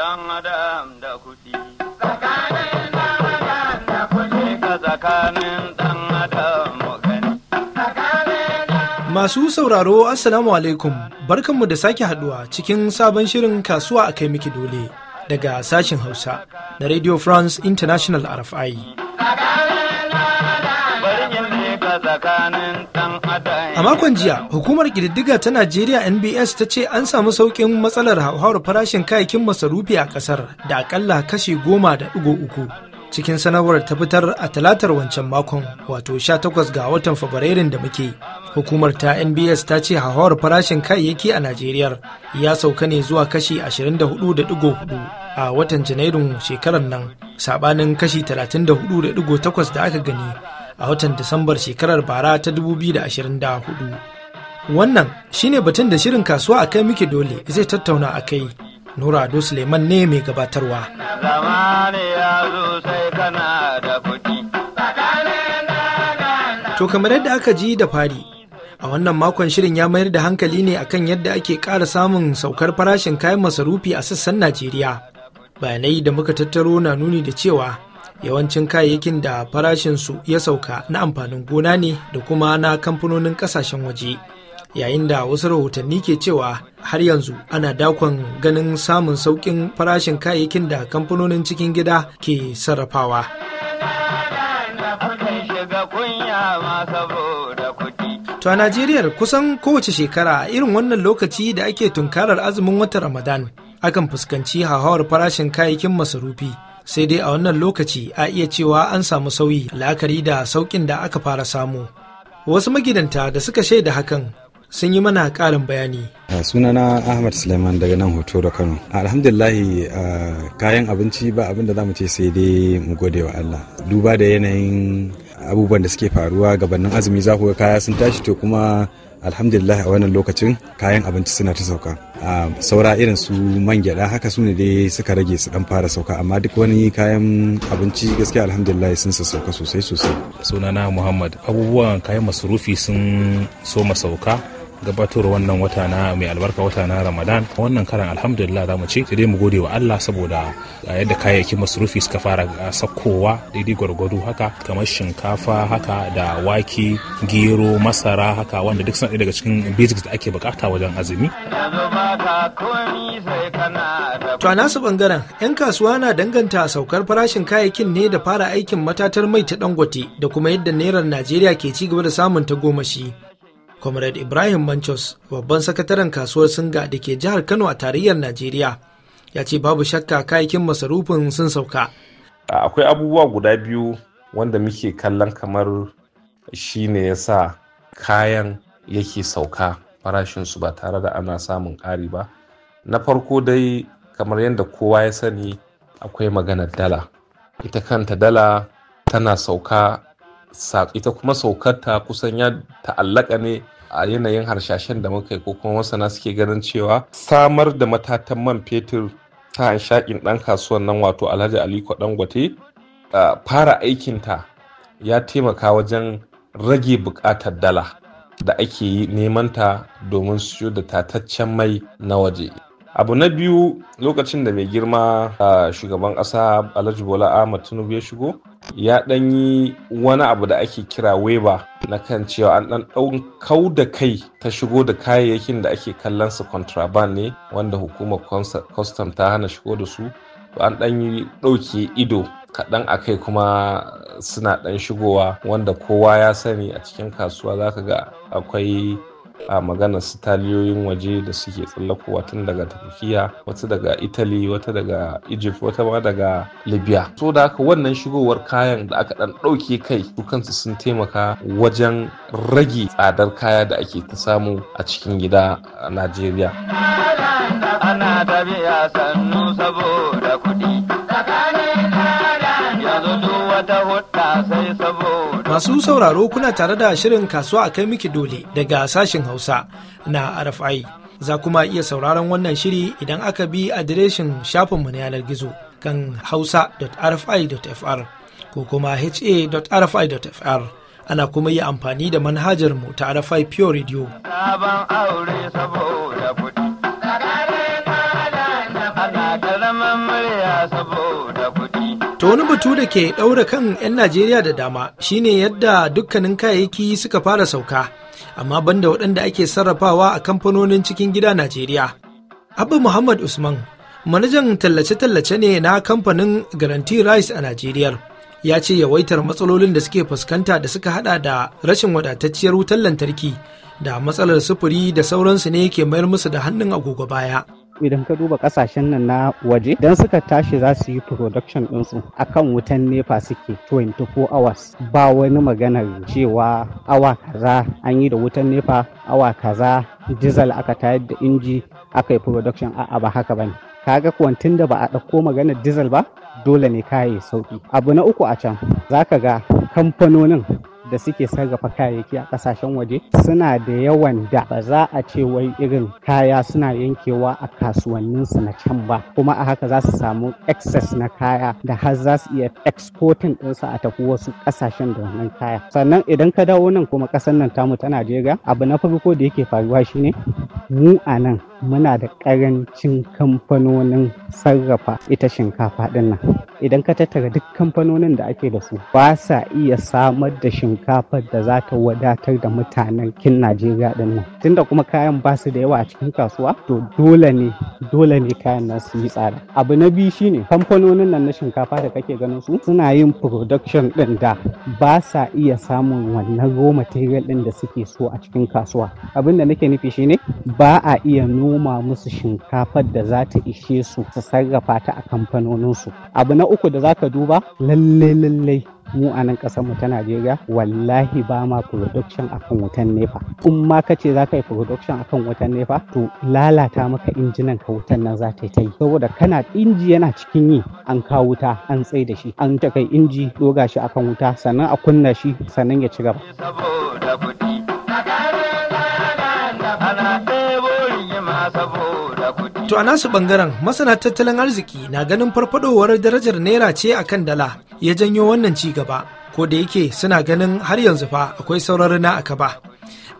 dan adam da kuɗi. Tsakanin dan adam da kuɗi. Ka tsakanin dan adam Masu sauraro Assalamu alaikum barkanmu da sake haduwa cikin sabon shirin kasuwa a kai miki dole daga sashin Hausa na Radio France International RFI. Tsakanin A makon jiya, hukumar ƙididdiga ta Najeriya NBS ta ce an samu sauƙin matsalar hauhawar farashin kayayyakin masarufi a ƙasar da aƙalla kashi goma da ɗigo uku. Cikin sanarwar ta fitar a talatar wancan makon, wato 18 ga watan Fabrairun da muke. Hukumar ta NBS ta ce hauhawar farashin kayayyaki a Najeriya ya sauka ne zuwa kashi 24.4. a watan janairun shekarar nan saɓanin kashi 34.8 da aka gani a watan Disambar shekarar bara ta 2024. Wannan shine batun da shirin kasuwa a kai muke dole zai tattauna a kai. Nura Ado Suleiman ne mai gabatarwa. To kamar yadda aka ji da fari, a wannan makon shirin ya mayar da hankali ne akan yadda ake ƙara samun saukar farashin kayan masarufi a sassan Najeriya. Bayanai da muka tattaro na nuni da cewa yawancin kayayyakin da farashinsu ya sauka na amfanin gona ne da kuma na kamfanonin kasashen waje yayin da wasu rahotanni ke cewa har yanzu ana dakon ganin samun saukin farashin kayayyakin da kamfanonin cikin gida ke sarrafawa To a Najeriya kusan kowace shekara irin wannan lokaci da ake tunkarar azumin watan Ramadan akan fuskanci hauhawar farashin kayayyakin masarufi sai dai a wannan lokaci a iya cewa an samu sauyi la'akari da sauƙin da aka fara samu wasu magidanta da suka shaida hakan sun yi mana ƙarin bayani. sunana ahmad suleiman daga nan hoto da kano alhamdulillahi kayan abinci ba abin da za mu ce sai dai mu gode wa allah duba da yanayin abubuwan da suke faruwa gabanin azumi za ku ga kaya sun tashi to kuma alhamdulillah a wannan lokacin kayan abinci suna ta sauka saura irin su man gyada haka su ne dai suka rage su dan fara sauka amma duk wani kayan abinci gaskiya alhamdulillah sun sauka sosai sosai sunana muhammad abubuwan kayan masurufi sun so sauka. gabatar wannan wata na mai albarka wata na Ramadan wannan karan alhamdulillah za mu ce sai dai mu gode wa Allah saboda ah, yadda kayayyakin masarufi suka fara ah, sakkowa daidai gwargwado haka kamar shinkafa haka da wake gero masara haka wanda duk suna daga cikin basics da ake bukata wajen azumi. To a nasu bangaren 'yan kasuwa na danganta saukar farashin kayayyakin ne da fara aikin matatar mai ta dangote da kuma yadda naira Najeriya ke ci gaba da samun ta tagomashi. comrade ibrahim Manchus, babban sakataren kasuwar singa da ke jihar kano a tarayyar najeriya ya ce babu shakka kayakin masarufin sun sauka akwai abubuwa guda biyu wanda muke kallon kamar shi ne ya sa kayan yake sauka farashinsu ba tare da ana samun ƙari ba na farko dai kamar yadda kowa ya sani akwai maganar dala ita kanta dala tana sauka ita kuma saukarta kusan ya ta'allaka ne a yanayin harshashen da muka yi ko kuma masana suke ganin cewa samar da matatan man fetur ta hanshakin ɗan kasuwan nan wato alhaji aliko dangote fara aikinta ya taimaka wajen rage buƙatar dala da ake yi nemanta domin siyo da tataccen mai na waje abu na biyu lokacin da mai girma a shugaban ƙasa alhaji bola ahmad tinubu ya shigo ya ɗan yi wani abu da ake kira weba na kan cewa an ɗan ɗan kau da kai ta shigo da kayayyakin da ake kallon su contraband ne wanda hukumar custom ta hana shigo da su to an ɗan yi ɗauke ido kaɗan a kai kuma suna ɗan shigowa wanda kowa ya sani a cikin kasuwa zaka ga akwai a maganar su taliyoyin waje da suke tsallakowa tun daga turkiya wata daga italy wata daga egypt wata ma daga libya so da haka wannan shigowar kayan da aka dan ɗauke kai su kansu sun taimaka wajen rage tsadar kaya da ake ta samu a cikin gida a najeriya Masu sauraro kuna tare da shirin kasuwa a kai miki dole daga sashen Hausa na RFI. Za kuma iya sauraron wannan shiri idan aka bi adireshin shafinmu na yanar gizo kan hausa.rfi.fr ko kuma ha.rfi.fr. Ana kuma yi amfani da manhajar mu ta RFI Pure Radio. To wani batu da ke ɗaura kan 'yan najeriya da dama shine yadda dukkanin kayayyaki suka fara sauka amma banda waɗanda ake sarrafawa a kamfanonin cikin gida najeriya abu muhammad usman manajan tallace-tallace ne na kamfanin guarantee rice a najeriya ya ce yawaitar matsalolin da suke fuskanta da suka hada da rashin wadatacciyar wutar lantarki da matsalar sufuri da sauransu ne ke mayar musu da hannun agogo baya idan ka duba kasashen nan na waje idan suka tashi za su yi production ɗinsu kan wutan nepa suke 24 hours ba wani maganar cewa awa kaza an yi da wutan nepa awa kaza diesel aka tayar da inji aka yi production a'a ba haka bane kaga kwantin da ba a ɗauko maganar diesel ba dole ne kayi sauki abu na uku a can za ka ga kamfanonin da suke sarrafa kayayyaki a kasashen waje suna da yawan da ba za a ce wai irin kaya suna yankewa a kasuwanninsu na can ba kuma a haka za su samu excess na kaya da har za su iya exporting ɗinsu a tafi wasu kasashen da wannan kaya sannan idan ka dawo nan kuma ƙasar nan tamu ta Najeriya abu na farko da yake faruwa shine mu a nan muna da ƙarancin kamfanonin sarrafa ita shinkafa ɗin nan idan ka tattara duk kamfanonin da ake da su ba sa iya samar da shinkafa shinkafar da za ta wadatar da mutanen kin Najeriya din nan. Tunda kuma kayan ba su da yawa a cikin kasuwa, to dole ne dole ne kayan nan su yi tsada. Abu na biyu shine kamfanonin nan na shinkafa da kake ganin su suna yin production din da ba sa iya samun wannan raw material din da suke so a cikin kasuwa. Abin da nake nufi shine ba a iya noma musu shinkafar da za ta ishe su su sarrafa ta a kamfanoninsu. Abu na uku da za ka duba lallai-lallai. mu a nan ƙasar mu ta Najeriya wallahi ba ma production akan wutan nefa in ma ka ce za ka yi production akan wutan nefa to lalata maka injinan ka wutan nan za ta yi ta yi saboda kana inji yana cikin yi an kawo wuta an tsai da shi an ta kai inji doga shi akan wuta sannan a kunna shi sannan ya ci gaba To a nasu bangaren masana tattalin arziki na ganin farfaɗowar darajar naira ce akan dala ya janyo wannan ci gaba ko da yake suna ganin har yanzu fa akwai saurari na aka ba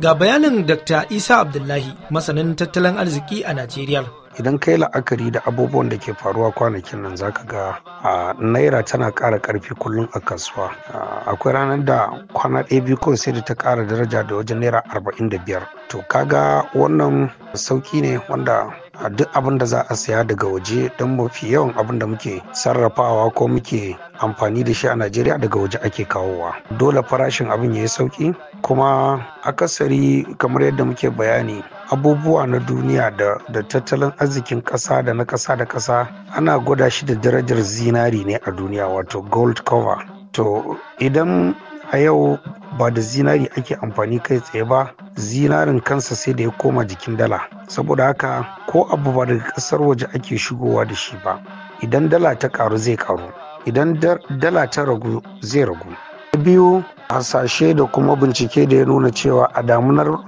ga bayanin dr isa abdullahi masanin tattalin arziki a najeriya idan kai la'akari da abubuwan da ke faruwa kwanakin nan zaka ga a naira tana ƙara ƙarfi kullum a kasuwa akwai ranar da kwana ɗaya biyu kawai sai da ta ƙara daraja da wajen naira arba'in da biyar to kaga wannan sauƙi ne wanda a duk abin da za a saya daga waje don mafi yawan abin da muke sarrafawa ko muke amfani da shi a najeriya daga waje ake kawowa dole farashin abin ya yi sauƙi? kuma akasari kamar yadda muke bayani abubuwa na duniya da, da tattalin arzikin ƙasa da na ƙasa da ƙasa ana gwada shi da darajar zinari ne a duniya wato gold cover to idan a yau ba da zinari ake amfani kai tsaye ba zinarin kansa sai da ya koma jikin dala saboda haka ko abu ba daga ƙasar waje ake shigowa da shi ba idan dala ta karu zai karu idan dala ta ragu zai ragu biyu hasashe da kuma bincike da ya nuna cewa a damunar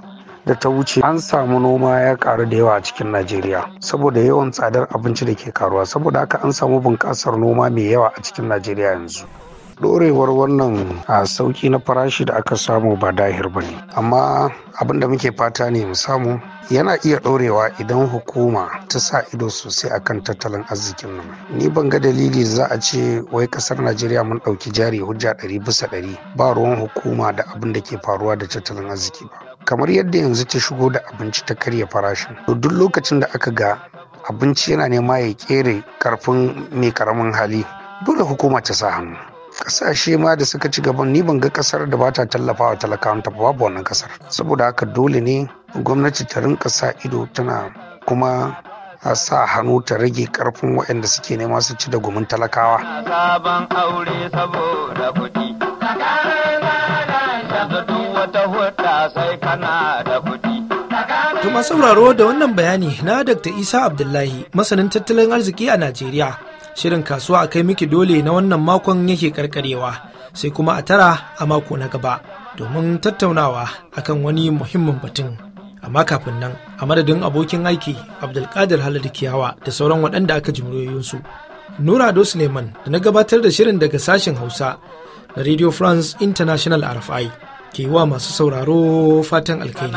da ta wuce an samu noma ya karu da yawa a cikin najeriya saboda yawan tsadar abinci da ke karuwa saboda haka an samu bunƙasar noma mai yawa a cikin najeriya yanzu Ɗorewar wannan a sauki na farashi da aka samu ba dahir ba ne amma abin da muke fata ne mu samu yana iya ɗorewa idan hukuma ta sa ido sosai akan tattalin arzikin nan ni ban ga dalili za a ce wai kasar najeriya mun ɗauki jari hujja ɗari bisa ɗari ba ruwan hukuma da abin da ke faruwa da tattalin arziki ba kamar yadda yanzu ta shigo da abinci ta karya farashin to duk lokacin da aka ga abinci yana nema ya kere karfin mai karamin hali dole hukuma ta sa hannu kasashe ma da suka ci gaban ni ban ga kasar da ba ta tallafa wa talakawan ta babu wannan kasar saboda haka dole ne gwamnati ta rinka sa ido tana kuma a sa hannu ta rage karfin waɗanda suke nema su ci da gumin talakawa sabon aure Tuma sauraro da wannan bayani na Dr. Isa Abdullahi, masanin tattalin arziki a Najeriya, shirin kasuwa a kai miki dole na wannan makon yake karkarewa sai kuma a tara a mako na gaba domin tattaunawa akan wani muhimmin batun amma kafin nan a madadin abokin aiki abdulkadir haladu kiyawa da sauran waɗanda aka jimriyoyinsu nura ado suleiman da na gabatar da shirin daga sashen hausa na radio france international rfi ke wa masu sauraro fatan alkhairi